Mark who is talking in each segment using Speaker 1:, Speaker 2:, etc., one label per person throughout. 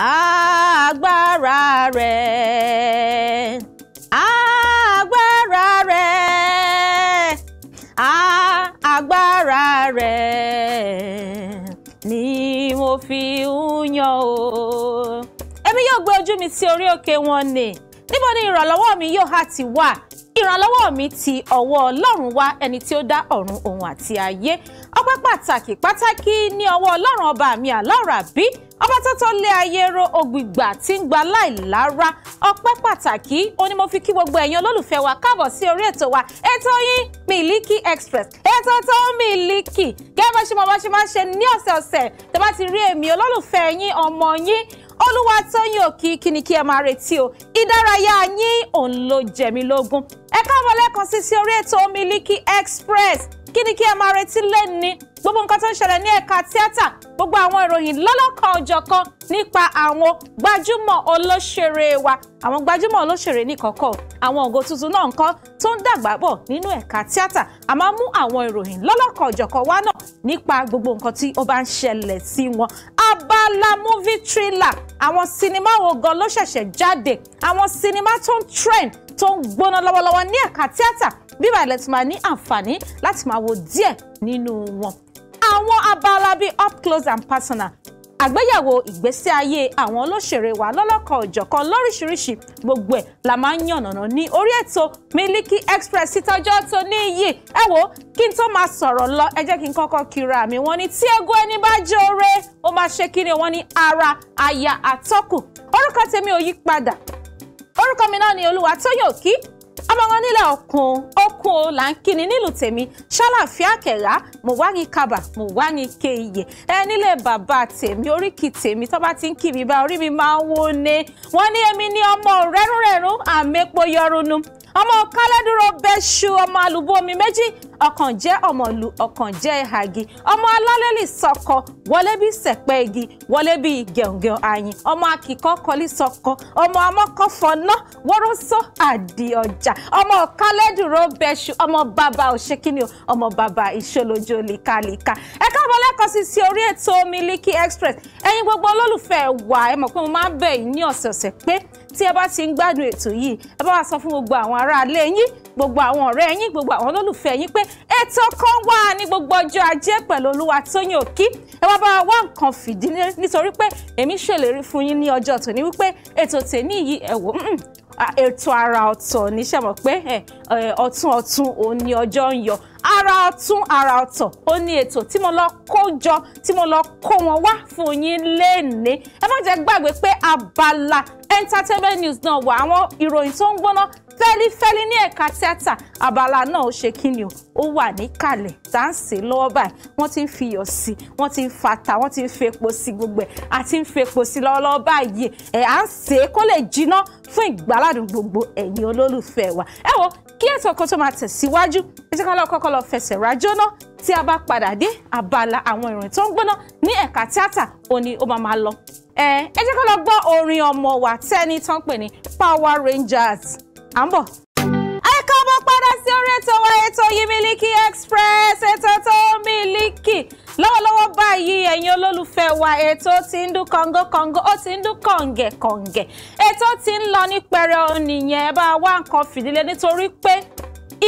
Speaker 1: agbára rẹ̀ agbára rẹ̀ agbára rẹ̀ ni mo fi ń yan o. èmi yóò gbé ojú mi sí orí òkè wọn ni níbo ni ìrànlọ́wọ́ mi yóò hà ti wà ìrànlọ́wọ́ mi ti ọwọ́ ọlọ́run wá ẹni tí ó dá ọ̀run òun àti ayé ọpẹ́ pàtàkì pàtàkì ní ọwọ́ ọlọ́run ọba mi àlọ́ràbí ọba tó tọ́ lé ayé ro ògbìgbà tí ń gba láìlára ọpẹ́ pàtàkì ó mo fi kí gbogbo ẹ̀yin olólùfẹ́ wa káàbọ̀ sí orí ètò wa ètò yín Miliki Express ètò tó ń Miliki gẹ́gẹ́ bá ṣe mọ bá ṣe máa ń ṣe ní ọ̀sẹ̀ọ̀sẹ̀ tó bá ti rí èmi olólùfẹ́ yín ọmọ yín Olúwatóyìn Òkì kí ni kí ẹ máa retí o ìdárayá yín òun ló jẹ lógún ẹ káàbọ̀ lẹ́ẹ̀kan sí sí orí ètò Miliki Express kí ni kí ẹ máa retí lẹ́ni gbogbo nǹkan tó ń ṣẹlẹ̀ ní ẹ̀ka tíátà gbogbo àwọn ìròyìn lọ́lọ́kan ọ̀jọ̀kan nípa àwọn gbajúmọ̀ olóṣèré wa àwọn gbajúmọ̀ olóṣèré níkọ̀kọ̀ àwọn ògo tuntun náà nǹkan tó ń dàgbà bọ̀ nínú ẹ̀ka tíátà a máa mú àwọn ìròyìn lọ́lọ́kan ọ̀jọ̀kan wá náà nípa gbogbo nǹkan tí ó bá ń ṣẹlẹ̀ sí wọn abala movie trailer. àwọn sinimá wo gan ló ṣẹ̀ṣẹ̀ jáde àwọn sinimá tó ń trend tó ń gbóná lọ́wọ́lọ́wọ́ ní ẹ̀ka tíátà bíbá ilẹ̀ tí máa ní àǹfààní láti máa wo díẹ̀ nínú wọn. àwọn abala bíi up close and personal àgbéyẹ̀wò ìgbésí ayé àwọn olóṣèré wa lọ́lọ́kan òjọ̀kan lóríṣiríṣi gbogbo ẹ̀ la máa ń yànnàná ní orí ètò Miliki Express títọ́jọ́ tó ní yìí ẹ wo kí n tó máa sọ̀rọ̀ lọ ẹ jẹ́ kí n kọ́kọ́ kira mi wọ́n ní tí egun ẹni bá jóore ó máa ṣe kí ni wọ́n ní ara aya àtọ́kù orúkọ tèmi ò yí padà orúkọ mi náà ni Olúwatóyìn Òkí ọmọ wọn nílẹ̀ ọ̀kun ọ̀kun o là ń kíni nílùú tèmi ṣàlàfíà kẹ̀rá mo wá ní kábà mo wá ní kéye ẹ nílé bàbá tèmi oríkì tèmi tó bá ti ń kí mi bá orí mi máa ń wó ne wọn ní èmi ní ọmọ rẹ́rùnrẹ́rùn àmẹ́pọ̀ yọrùnú ọmọ kálẹ́dúró bẹ́ṣu ọmọ àlùbọ́ mi méjì ọkàn jẹ́ ọmọlù ọkàn jẹ́ ìhàgì ọmọ alálẹ́lì sọkọ wọlé bí sẹ̀pẹ́ igi wọlé bí gẹ̀ǹgẹ̀ àyìn ọmọ akíkọ́ kọlí sọkọ ọmọ amọ́kọ́ fọná wọ́rọ́sọ́ àdì ọjà ọmọ kálẹ́dùró bẹ́ṣu ọmọ bàbá òṣèkínní ọmọ bàbá ìṣolójó líkalíka ẹ káàbọ̀ lẹ́kọ̀ọ́ sí sí orí ètò Miliki Express ẹ̀yin gbogbo olólùfẹ́ wa ẹ mọ̀ pé mo máa ń bẹ̀ yín ní ọ̀sẹ̀ọ̀sẹ̀ pé tí ẹ bá ti ń gbádùn ètò yìí ẹ bá wa sọ fún gbogbo àwọn aráalé yín gbogbo àwọn ọ̀rẹ́ yín gbogbo àwọn olólùfẹ́ yín pé ètò kan wà ní gbogbo ọjọ́ ajé pẹ̀lú Olúwatóyìn Òkí ẹ wá bá wa wá nǹkan fìdílé nítorí pé èmi ṣèlérí fún yín ní ọjọ́ tòní wípé ètò tèmi yìí ẹ wò mm, ètò àrà ọ̀tọ̀ ní sẹ́mọ̀ pé ọ̀tun ọ̀tun òun ni ọjọ́ ń yọ ara ọ̀tún ara ọ̀tọ̀ ó ní ètò tí mo lọ kó jọ tí mo lọ kó wọn wá fún yín lénìí ẹ má jẹ́ gbàgbé pé abala entertainment news náà wà àwọn ìròyìn tó ń gbóná fẹ́lifẹ́li ní ẹ̀ka tíátà abala náà ó ṣe kí ni o ó wà níkàlẹ̀ tá ń sè lọ́wọ́ báyìí wọ́n ti ń fi iyọ̀ sí wọ́n ti ń fata wọ́n ti ń fepo sí gbogbo ẹ̀ àti ń fepo sí lọ́wọ́lọ́wọ́ báyìí ẹ̀ à ń sè é kó lè jiná fún ìgbàládùn gbogbo ẹ̀yin olólùfẹ́ wa ẹ wo kí ètò kan tó máa tẹ̀síwájú ètò kan lọ́kọ́kọ́ lọ fẹsẹ̀ rájọ́ náà tí a bá padà dé abala àwọn ìròyìn tó ń gbóná ní ẹ̀ka tíátà òní ó máa máa lọ. ẹ ẹ jẹ́ lọ gbọ́ orin ọmọ wa tẹ́ni tán pè ní Power Rangers à ń bọ̀ káàbọ̀ padà sí orí ètò wa ètò yìí Miliki Express ètò tó Miliki lọ́wọ́lọ́wọ́ báyìí ẹ̀yin olólùfẹ́ wa ètò tí ń dún kọ̀ǹgọ́ kọ̀ǹgọ́ ó ti ń dún kọ̀ǹgẹ̀ kọ̀ǹgẹ̀ ètò tí ń lọ ní pẹrẹ ònìyẹn ẹ bá wá nǹkan fìdílé nítorí pé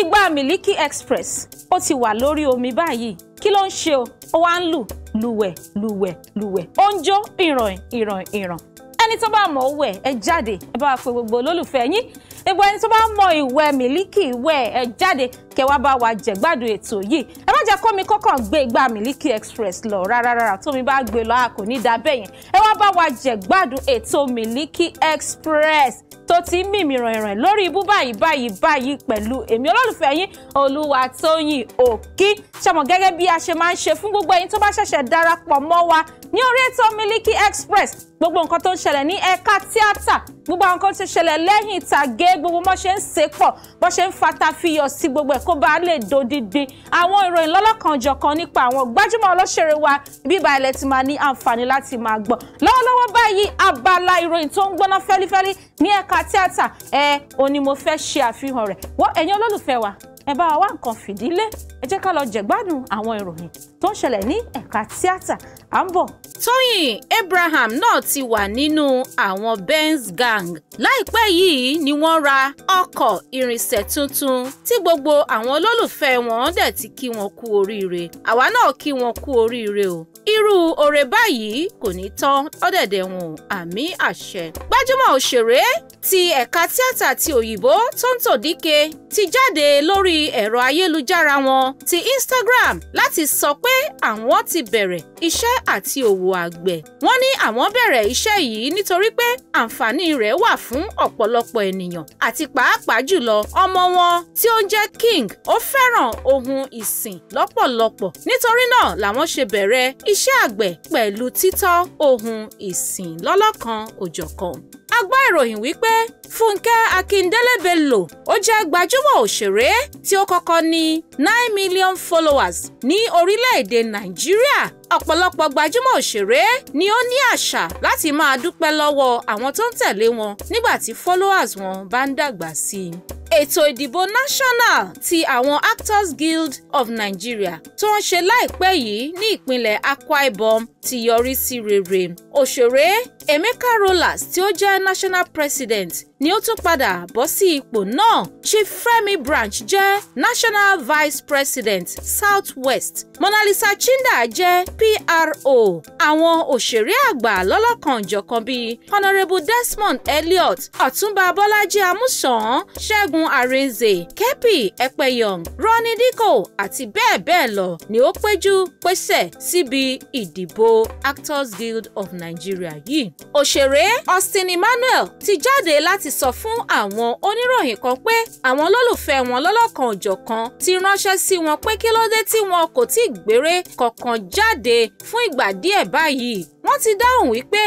Speaker 1: ìgbà Miliki Express ó ti wà lórí omi báyìí kí ló ń ṣe o ó wá ń lù lùwẹ̀ lùwẹ̀ lùwẹ̀ ó ń jó ìràn ìràn ìràn ẹni tó bá mọ̀ wẹ̀ ẹ jáde ẹ bá fún gbogbo olólùfẹ́ yín gbogbo ẹni tó bá mọ ìwẹ̀ mílíkì ìwẹ̀ ẹ jáde kẹwàá bá wa jẹ̀gbádùn ètò yìí ẹ má jẹ́ kómi kọ́kàn gbé igbá mílíkì express lọ rárá tómi bá gbé lọ a kò ní dá bẹ́yẹn ẹ wá bá wa jẹ̀gbádùn ètò mílíkì express tó ti ń mìmì rànràn lórí ibú báyìí báyìí báyìí pẹ̀lú èmi olólùfẹ́ yín Olúwatóyìn Òkí ṣàmọ̀ gẹ́gẹ́ bí a ṣe máa ń ṣe fún gbogbo ẹ̀yin tó bá ṣẹ̀ṣẹ̀ darapọ̀ mọ́ wa ní orí ètò mílíkì express gbogbo nǹkan tó ń ṣẹlẹ̀ ní ẹ̀ka tíátà gbogbo àwọn nǹkan tó ń ṣẹlẹ̀ lẹ́yìn ìtàgé gbogbo bó ṣe ń ṣe pọ̀ bó ṣe ń fata fiyọ̀ sí gbogbo ẹ̀ kó bá lè dodidi àwọn ìròyìn lọ́lọ́kanjọ̀kan nípa àwọn gbajúmọ̀ olóṣèré wa bíbá ilẹ̀ ti máa ní àǹfààní láti máa gbọ́ lọ́wọ́lọ́wọ́ báyìí abala ìròyìn tó ń gbóná fẹ́lifẹ́li ní ẹ̀ka tíátà ẹ òní mo fẹ́ ṣe àfihàn rẹ̀ wọ́n ẹ̀yin olólùfẹ́ wa ẹ bá wa wá nǹkan fìdílé ẹ jẹ́ ká lọ jẹ̀gbádùn àwọn ìròyìn tó ń ṣẹlẹ̀ ní ẹ̀ka tíátà à ń bọ̀ Tóyìn Abraham náà ti wà nínú àwọn Benz gang láìpẹ́ yìí ni wọ́n ra ọkọ̀ irinṣẹ́ tuntun tí gbogbo àwọn olólùfẹ́ wọn dẹ̀ ti kí wọn kú oríire àwa náà kí wọn kú oríire o irú oore báyìí kò ní tán ọ̀dẹ̀dẹ̀ wọn àmì àṣẹ. gbajúmọ̀ òṣèré ti ẹ̀ka tíátà ti òyìnbó Tonto Dike ti jáde lórí ẹ̀rọ ayélujára wọn ti Instagram láti sọ pé àwọn ti bẹ̀rẹ̀ iṣẹ́ àti òwò àgbẹ̀. wọ́n ní àwọn bẹ̀rẹ̀ iṣẹ́ yìí nítorí pé àǹfààní rẹ̀ wà fún ọ̀pọ̀lọpọ̀ ènìyàn àti pàápàá jùlọ ọmọ wọn tí ó ń jẹ́ King ó fẹ́ràn ohun ìsìn lọ́pọ̀lọpọ̀ nítorí náà làwọn ṣe bẹ̀rẹ̀ iṣẹ́ àgbẹ̀ pẹ̀lú títọ́ ohun ìsìn lọ́lọ́kan òjọ̀kan. a gbọ́ ìròyìn wípé Fúnkẹ́ Akíndélé Bello ó jẹ́ gbajúmọ̀ òṣèré tí ó kọ́kọ́ ní nine million followers ní orílẹ̀-èdè Nàìjíríà ọ̀pọ̀lọpọ̀ gbajúmọ̀ òṣèré ni ó ní àṣà láti máa dúpẹ́ lọ́wọ́ àwọn tó ń tẹ̀lé wọn nígbà tí followers wọn bá ń dàgbà sí i ètò ìdìbò national ti àwọn Actors Guild of Nigeria tó ń ṣe láìpẹ́ yìí ní ìpínlẹ̀ Akwa Ibom ti yọrí sí rere òṣèré Emeka Rollas tí ó jẹ́ national president ni ó tún padà bọ́ sí ipò náà Chief Femi Branch jẹ́ national vice president southwest Monalisa Chinda jẹ́ PRO àwọn òṣèré àgbà lọ́lọ́kanòjọ̀kan bíi Honourable Desmond Elliot Ọ̀túnba Bọ́lájí Amúsàn Ṣẹ́gun Arinze, Kepi Epeyong Ronnie Diko àti bẹ́ẹ̀ bẹ́ẹ̀ lọ ni ó péjú pésẹ̀ síbi ìdìbò Actors Guild of Nigeria yìí òṣèré Austin Emmanuel ti jáde láti sọ fún àwọn oníròyìn kan pé àwọn olólùfẹ́ wọn lọ́lọ́kan òjọ̀kan ti ránṣẹ́ sí wọn pé kí ló dé tí wọn kò tí gbére kankan jáde fún ìgbà díẹ̀ báyìí wọ́n ti dáhùn wípé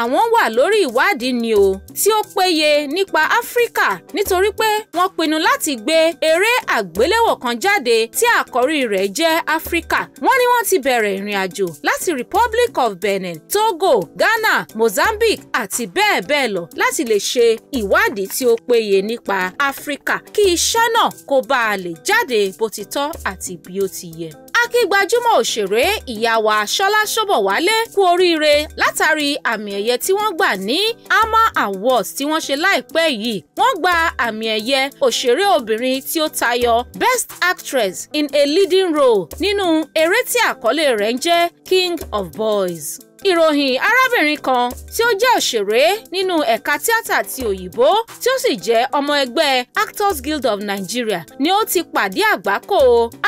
Speaker 1: àwọn wà lórí ìwádìí ni o tí ó péye nípa áfíríkà nítorí pé wọ́n pinnu láti gbé eré àgbéléwò kan jáde tí àkọ́rí rẹ̀ jẹ́ áfíríkà wọ́n ní wọ́n ti bẹ̀rẹ̀ ìrìn àjò láti Republic of Benin Togo Ghana Mozambique àti bẹ́ẹ̀ bẹ́ẹ̀ lọ láti lè ṣe ìwádìí tí ó péye nípa áfíríkà kí iṣẹ́ náà kó bá a lè jáde bó ti tọ́ àti bí ó ti yẹ akíngbajúmọ̀ òṣèré ìyá wa Ṣọlá Ṣóbọ̀wálé kú oríire látàrí àmì ẹ̀yẹ tí wọ́n gbà ní AMA Awards tí wọ́n ṣe láìpẹ́ yìí wọ́n gba àmì ẹ̀yẹ òṣèré obìnrin tí ó tayọ Best Actress in a Leading Role nínú eré tí àkọlé rẹ̀ ń jẹ́ King of Boys ìròyìn arábìnrin kan tí ó jẹ́ òṣèré nínú ẹ̀ka tíátà ti òyìnbó tí ó sì jẹ́ ọmọ ẹgbẹ́ Actors Guild of Nigeria ni ó ti pàdé àgbákò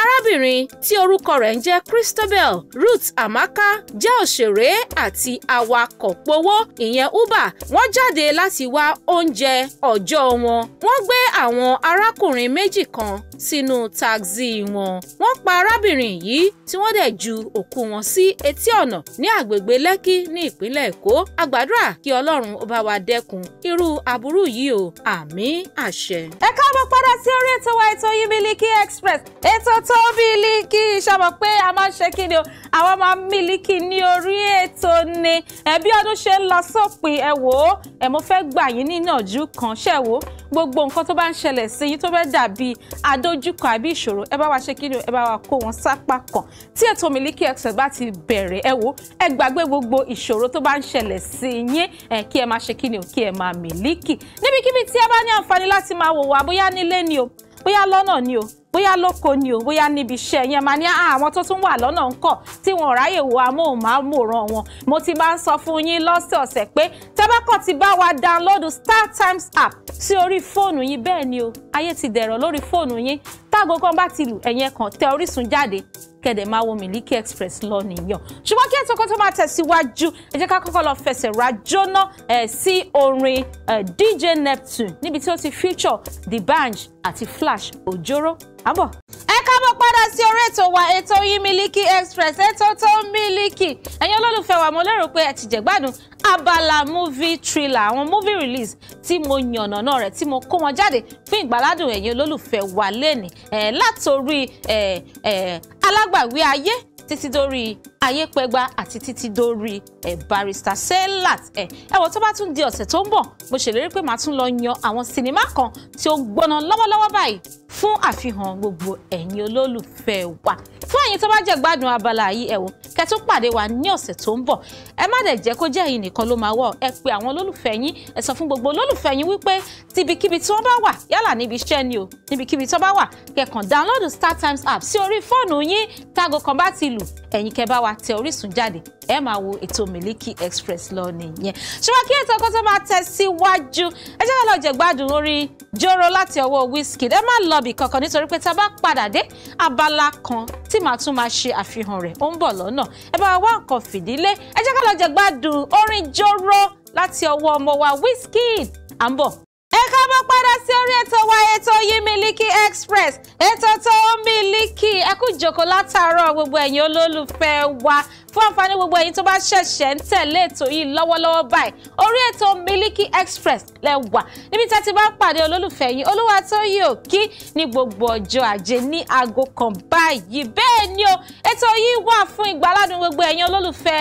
Speaker 1: arábìnrin tí orúkọ rẹ̀ ń jẹ́ Christabel Ruth Amaka jẹ́ òṣèré àti awakọ̀ powó ìyẹn Uber wọ́n jáde láti wá oúnjẹ ọjọ́ wọn wọ́n gbé àwọn arákùnrin méjì kan sínú táxi wọn wọ́n pa arábìnrin yìí tí wọ́n dẹ̀ ju òkú wọn sí etí ọ̀nà ní àgbègbè lẹ́kì ní ìpínlẹ̀ èkó a kí ọlọ́run ó bá wa dẹ́kun irú aburú yìí o àmín àṣẹ. ẹ káàbọ̀ padà sí orí ètò wa ètò yìí Miliki Express ètò tó Miliki ṣàmọ̀ pé a máa ń ṣe kí ni o àwọn máa ń Miliki ní orí ètò ni ẹbí ọdún ṣe ń lọ sópin ẹ wò ó ẹ mo fẹ́ gbà yín níyànjú kan ṣẹ́ wò ó gbogbo nǹkan tó bá ń ṣẹlẹ̀ sí yín tó fẹ́ dàbí adójúkọ àbí ìṣòro ẹ bá wa ṣe kí ni o ẹ bá wa kó wọn sápá kan tí ètò Miliki Express bá ti bẹ̀rẹ̀ ẹ wò ẹ gbàgbé gbogbo ìṣòro tó bá ń ṣẹlẹ̀ sí yín kí ẹ máa ṣe kí ni o kí ẹ máa mílíkì níbikíbi tí ẹ bá ní àǹfààní láti máa wò wá bóyá nílé ni o bóyá lọ́nà ni o bóyá lóko ni o bóyá níbi iṣẹ́ yẹn máa ní àwọn tó tún wà lọ́nà ńkọ̀ tí wọn ò ráyè wo amóhùnmáwòrán wọn mo ti máa ń sọ fún yín lọ́sọ̀ọ̀sẹ̀ pé tẹ́bákọ̀ ti bá wa download StarTimes app sí orí fóònù yín bẹ́ẹ̀ ni o ayé ti dẹ̀rọ̀ lórí fóònù yín tágo kan bá ti lù ẹ̀yẹn kan tẹ Orísun jáde kẹ̀dẹ̀ máa wo Miliki Express lọ nìyàn ṣùgbọ́n kí ètò kan tó máa tẹ̀síwájú ẹ jẹ́ ká kọ́kọ́ lọ fẹsẹ̀ ra jóná sí orin DJ Neptune níbi tí ó ti feature D'banj àti Flash Ojoro àbọ̀ káàbọ̀ padà sí orí ètò wa ètò yìí Miliki Express ètò tó Miliki ẹ̀yin olólùfẹ́ wa mo lérò pé ẹ ti jẹ̀gbádùn abala movie thriller àwọn movie release tí mo yànnàná rẹ̀ tí mo kó wọn jáde fún ìgbàládùn ẹ̀yin olólùfẹ́ wa lẹ́nìí látòrí alágbàwí ayé títí dórí ayépẹgba àti títí dórí ẹ barrister Sellat ẹ ẹ wọ tó bá tún di ọ̀sẹ̀ tó ń bọ̀ mo ṣèlérí pé màá tún lọ yan àwọn sinimá kan tí ó gbóná lọ́wọ́lọ́wọ́ báyìí fún àfihàn gbogbo ẹ̀yin olólùfẹ́ wa fún ẹ̀yin tó bá jẹ́ gbádùn abala yìí ẹ wò kẹtún pàdé wa ní ọ̀sẹ̀ tó ń bọ̀ ẹ má dẹ̀ jẹ́ kó jẹ́ ẹ̀yin nìkan ló máa wọ̀ ẹ pé àwọn olólùfẹ́ yín ẹ sọ fún gbogbo olólùfẹ́ yín wípé tibikíbi tí wọ́n bá wà yálà níbi iṣẹ́ ni o níbikíbi tó bá wà kẹkàn dáńlódù StarTimes app sí orí fóònù yín tágo kan bá ti lù ẹ̀yin kẹ bá wa wa tẹ Orísun jáde ẹ máa wo ètò Miliki Express lọ nìyẹn ṣùgbọ́n kí ètò ọkọ tó máa tẹ̀ síwájú ẹ jẹ́ ká lọ jẹ gbádùn orí jóró láti ọwọ́ Wizkid ẹ má lọ́ọ̀bì kankan nítorí pé tá a bá padà dé abala kan tí màá tún máa ṣe àfihàn rẹ̀ ó ń bọ̀ lọ́nà ẹ bá wá nǹkan fìdílé ẹ jẹ́ ká jẹ gbádùn orin jóró láti ọwọ́ ọmọ wa Wizkid à ń bọ̀ ẹ káàbọ̀ padà sí orí ètò wa Express ètò tó ń Miliki ẹ kú jókòó látàárọ̀ gbogbo ẹ̀yin olólùfẹ́ wa fún àǹfààní gbogbo ẹ̀yin tó bá ṣẹ̀ṣẹ̀ ń tẹ̀lé ètò yìí lọ́wọ́lọ́wọ́ báyìí orí ètò Miliki Express lẹ wà níbi tá ti bá pàdé olólùfẹ́ yín Olúwatóyìn Òkí ní gbogbo ọjọ́ ajé ní aago kan báyìí bẹ́ẹ̀ ni o ètò yìí wà fún ìgbàládùn gbogbo ẹ̀yin olólùfẹ́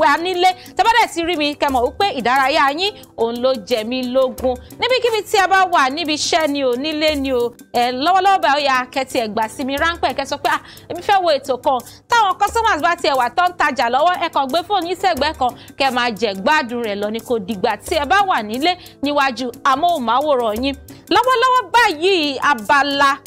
Speaker 1: wa nílé tẹ́bọ́dẹ̀ ti rí mi kẹmọ̀ wípé ìdárayá yín òun ló jẹ mí lógún níbikíbi tí a bá wà níbi iṣẹ́ ni ò nílé ni o ẹ̀ lọ́wọ́lọ́wọ́ báyìí ó yá kẹ́tì ẹ̀gbà sí mi ráńpẹ́ kẹ́ pé ah èmi fẹ́ wo ètò kan táwọn customers bá tiẹ̀ wà tó ń tajà lọ́wọ́ ẹ kàn gbé fóònù yín sẹ́gbẹ́ kan kẹ́ máa jẹ gbádùn rẹ̀ lọ ní kò dìgbà tí ẹ bá wà nílé níwájú amóhùnmáwòrán yín lọ́wọ́lọ́wọ́ báyìí abala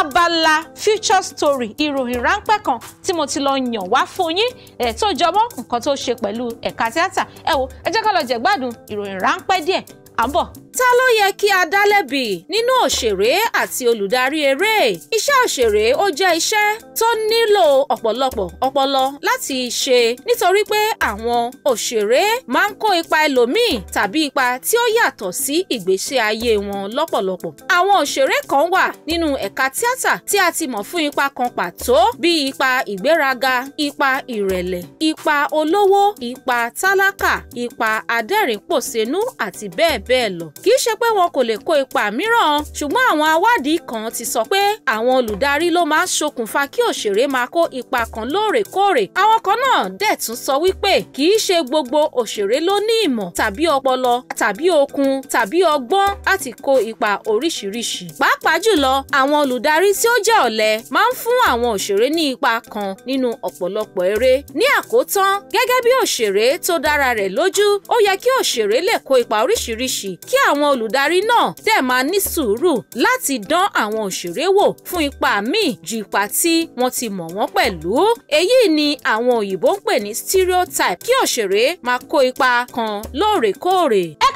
Speaker 1: abala future story ìròyìn ráńpẹ́ kan tí mo ti lọ yàn wá fún yín ẹ̀ tó jọmọ́ nǹkan tó ṣe pẹ̀lú ẹ̀ka tíátà ẹ wo ẹ jẹ́ ká lọ jẹ̀gbádùn ìròyìn ráńpẹ́ díẹ̀ à ta ló yẹ kí a dá lẹ́bi nínú òṣèré àti olùdarí eré iṣẹ́ òṣèré ó jẹ́ iṣẹ́ tó nílò ọ̀pọ̀lọpọ̀ ọpọlọ láti ṣe nítorí pé àwọn òṣèré máa ń kó ipa ẹlòmíì tàbí ipa tí ó yàtọ̀ sí ìgbésí ayé wọn lọ́pọ̀lọpọ̀ àwọn òṣèré kan wà nínú ẹ̀ka tíátà tí a ti mọ̀ fún ipa kan pàtó bíi ipa ìgbéraga ipa ìrẹ̀lẹ̀ ipa olówó ipa tálákà ipa adẹ́rìnpòṣénú àti bẹ́ẹ̀ bẹ́ẹ̀ lọ kì í ṣe pé wọn kò lè kó ipa mìíràn ṣùgbọ́n àwọn awádìí kan ti sọ pé àwọn olùdarí ló máa ń ṣokùnfà kí òṣèré máa kó ipa kan lóòrèkóòrè àwọn kan náà dẹ̀ tún sọ wípé kì í ṣe gbogbo òṣèré ló ní ìmọ̀ tàbí ọpọlọ tàbí okun tàbí ọgbọ́n láti kó ipa oríṣiríṣi pàápàá jùlọ àwọn olùdarí tí ó jẹ́ ọ̀lẹ máa ń fún àwọn òṣèré ní ipa kan nínú ọ̀pọ̀lọpọ̀ eré ní àkótán gẹ́gẹ́ bí òṣèré tó dára rẹ̀ lójú ó yẹ kí òṣèré lè kó ipa oríṣiríṣi kí àwọn olùdarí náà dẹ̀ máa ní sùúrù láti dán àwọn òṣèré wò fún ipa míì ju ipa tí wọ́n ti mọ̀ wọ́n pẹ̀lú. èyí ni àwọn òyìnbó ń pè ní stereotype kí òṣèré máa kó ipa kan lóòrèkóòrè. ẹ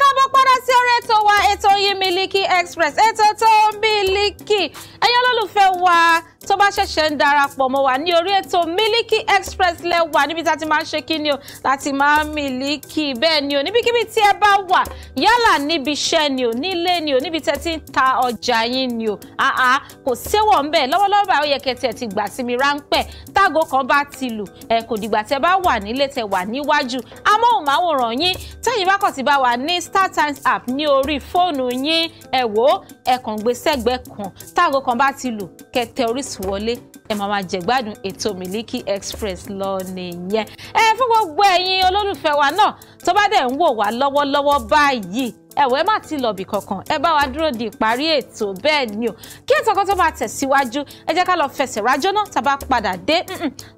Speaker 1: sí orí ètò wa ètò yìí Miliki Express ètò tó ń Miliki ẹ̀yin olólùfẹ́ wa tó bá ṣẹ̀ṣẹ̀ ń darapọ̀ mọ́ wa ní orí ètò Miliki Express lẹ́wà níbi tá a ti máa ń ṣe kí ni o láti máa ń miliki bẹ́ẹ̀ ni o níbikíbi tí ẹ bá wà yálà níbi iṣẹ́ ni o nílé ni o níbi tẹ́ ti ń ta ọjà yín ni o àá kò séwọ̀ ń bẹ̀ lọ́wọ́lọ́wọ́ báyìí ó yẹ kẹ́tẹ́ ti gbà sí mi ráńpẹ́ tágo kan bá ti lù ẹ kò dìgbà tẹ́ bá wà nílé tẹ́ wà níwájú amóhùnmáwòrán yín tẹ́yìn bá kàn ti bá wà ní StarTimes app ní orí fóònù yín ẹ wò ó ẹ kàn gbé sẹ́gbẹ̀ẹ́ kan táago kan bá ti lù kẹtẹ Orísun wọlé ẹ máa máa jẹ̀gbádùn ètò Miliki Express lọ nìyẹn ẹ fún gbogbo ẹ̀yin olólùfẹ́ wa náà tó bá dẹ̀ ń wò wá lọ́wọ́lọ́wọ́ báyìí ẹ̀wẹ́ má ti lọ̀bì kankan ẹ bá wa dúró di ìparí ètò bẹ́ẹ̀ ni o kí ètò kan tó máa tẹ̀síwájú ẹ jẹ́ ká lọ fẹsẹ̀ rájọ́ náà tá a bá padà dé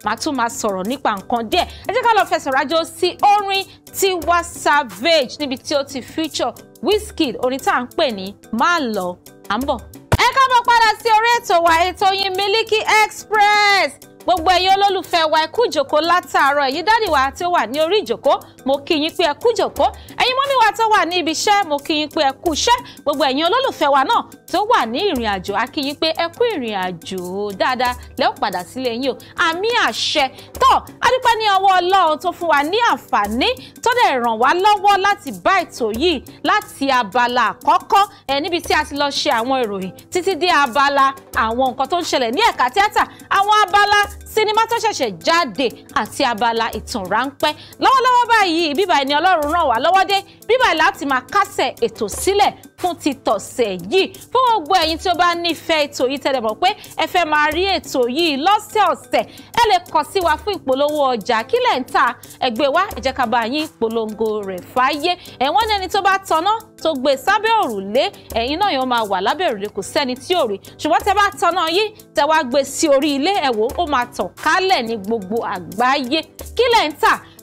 Speaker 1: màá tún máa sọ̀rọ̀ nípa nǹkan díẹ̀ ẹ jẹ́ ká lọ fẹsẹ̀ rájọ́ sí orin Tiwa Savage níbi tí ó ti future Wizkid orin tá à ń pè ní má lọ à ń bọ̀. ẹ káàbọ̀ padà sí orí ètò wa ètò yín Miliki Express gbogbo ẹ̀yin olólùfẹ́ wa ẹ kú ìjòkó látàárọ̀ ẹ̀yin dádì wa tí ó wà ní orí ìjòkó mo kí yín pé ẹ kú ìjòkó ẹ̀yin mọ́mí wa tó wà ní ibi iṣẹ́ mo kí yín pé ẹ kú iṣẹ́ gbogbo ẹ̀yin olólùfẹ́ wa náà tó wà ní ìrìn àjò a kí yín pé ẹ kú ìrìn àjò dáadáa lẹ́ ò padà sílé yín o àmì àṣẹ tó a ní ọwọ́ Ọlọ́run tó fún wa ní àǹfààní tó dẹ̀ ràn wá lọ́wọ́ láti bá ètò yìí láti abala àkọ́kọ́ ẹ níbi tí a ti lọ ṣe àwọn ìròyìn títí dé abala àwọn nǹkan tó ń ṣẹlẹ̀ ní ẹ̀ka tíátà àwọn abala sinimá tó ṣẹ̀ṣẹ̀ jáde àti abala ìtàn ráńpẹ́ lọ́wọ́lọ́wọ́ báyìí bíbá ẹni ọlọ́run ràn wá lọ́wọ́ dé bíbá ẹ̀ láti máa kásẹ̀ ètò sílẹ̀ fún ti tọ̀sẹ̀ yìí fún gbogbo ẹ̀yin tí ó bá nífẹ̀ẹ́ ètò yìí tẹ́lẹ̀ mọ̀ pé ẹ fẹ́ máa rí ètò yìí lọ́sẹ̀ọ̀sẹ̀ ẹ lè kàn sí wa fún ìpolówó ọjà kí lẹ̀ ń tà ẹgbẹ́ wa ẹ jẹ́ ká bá yín ìpolongo rẹ̀ fáyé ẹ̀wọ́n ní ẹni tó bá tanná tó gbé e sábẹ́ òrùlé ẹ̀yin náà yóò máa wà lábẹ́ òrùlé kò sẹ́ni tí ò rí ṣùgbọ́n tẹ bá tanná yín tẹ wá gbé e sí orí ilé ẹ̀wò ó máa tàn sọ̀kalẹ̀ ní gbogbo àgbáyé kí lẹ̀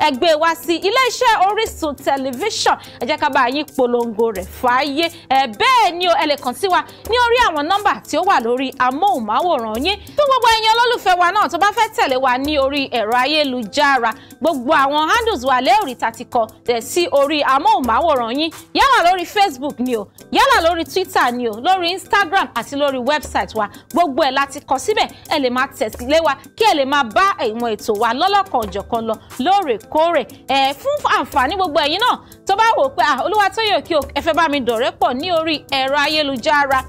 Speaker 1: ẹ gbé wá sí iléeṣẹ́ Orísun tẹlifíṣàn ẹ jẹ́ ká bá yín polongo rẹ̀ fàáyé ẹ bẹ́ẹ̀ ni o ẹ lè kàn sí wa ní orí àwọn nọ́mbà tí ó wà lórí amóhùnmáwòrán yín fún gbogbo ẹ̀yin olólùfẹ́ wa náà tó bá fẹ́ tẹ̀lé wa ní orí ẹ̀rọ ayélujára gbogbo àwọn handles wa lẹ́ẹ̀rí tàti kọ tẹ̀ sí orí amóhùnmáwòrán yín yálà lórí Facebook ni o yálà lórí Twitter ni o lórí Instagram àti lórí website wa gbogbo ẹ̀ láti kọ síbẹ̀ ẹ lè máa tẹ̀lé wa kí ẹ lè máa bá ìwọn ètò wa lọ́lọ́kan lọ lóòrèkóòrè lóòrèkóòrè ẹ fún àǹfààní gbogbo ẹ̀yin náà tó bá wò pé Olúwatóyìn Òkè Òkun ẹ fẹ́ bá mi dọ̀rẹ́ pọ̀ ní orí ẹ̀rọ ayélujára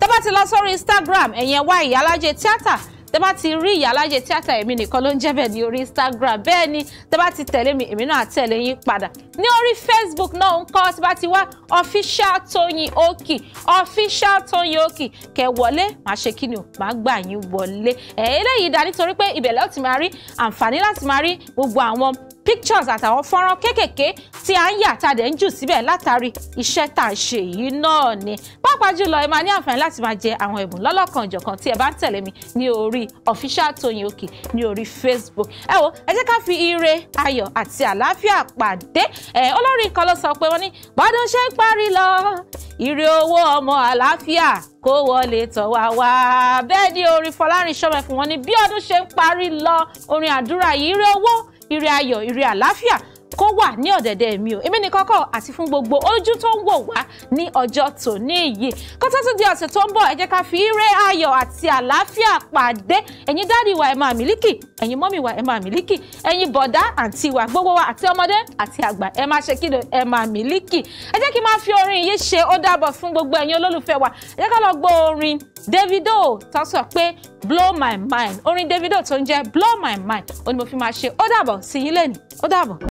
Speaker 1: tó bá ti lọ sórí Instagram ẹ̀yin wá Ìyálájé tíátà tẹ bá ti rí ìyálájẹ tíátà èmi nìkan ló ń jẹ́ bẹ́ẹ̀ ní orí instagram bẹ́ẹ̀ ni tẹ bá ti tẹ̀lé mi èmi náà tẹ̀lé yín padà ní orí facebook náà ń kọ tí bá ti wá official Toyin Oki official Toyin Oki kẹ wọlé màá ṣe kí ni o màá gbà yín wọlé ẹ eléyìí dá nítorí pé ìbẹ̀lẹ̀ ó ti máa rí àǹfààní láti máa rí gbogbo àwọn pictures àtàwọn fọ́nrán kéékèèké tí a ń yà tá a dẹ̀ ń jù síbẹ̀ látàrí iṣẹ́ tá a ṣe yìí náà ni pàápàá jùlọ ẹ máa ní àǹfààní láti máa jẹ àwọn ẹ̀bùn lọ́lọ́kanjọ̀kan tí ẹ bá ń tẹ̀lé mi ní orí official Tóyìn Òkì ní orí Facebook ẹ wo ẹ jẹ́ ká fi ire ayọ̀ àti àlàáfíà pàdé ẹ olórin kan ló sọ pé wọ́n ní gbádùn ṣe ń parí lọ ire owó ọmọ àlàáfíà kó wọlé tọ̀ wá wá bẹ́ẹ̀ ni orin Fọlárìn Ṣọ́mẹ́fún wọn ni bí ọdún ṣe ń parí lọ orin àdúrà yìí ire owó ire ayọ̀ ire àlàáfíà kó wà ní ọ̀dẹ̀dẹ̀ mi o èmi ní kọ́kọ́ àti fún gbogbo ojú tó ń wò wá ní ọjọ́ tòní yìí kó tó tún di ọ̀sẹ̀ tó ń bọ̀ ẹ jẹ́ ká fi ire ayọ̀ àti àlàáfíà pàdé ẹ̀yin dáàdi wa ẹ máa mílíkì ẹ̀yin mọ́mì wa ẹ máa mílíkì ẹ̀yin bọ̀dá àǹtí wa gbogbo wa àti ọmọdé àti àgbà ẹ máa ṣe kí ẹ máa mílíkì ẹ jẹ́ kí n máa fi orin yìí ṣe ó dàbọ̀ fún gbogbo ẹ̀yin olólùfẹ́ wa ẹ jẹ́ ká lọ gbọ́ orin Davido tó sọ pé blow my mind orin Davido tó ń jẹ́ blow my mind ó ní mo fi máa ṣe ó dàbọ̀ sí yín lẹ́nu ó dàbọ̀.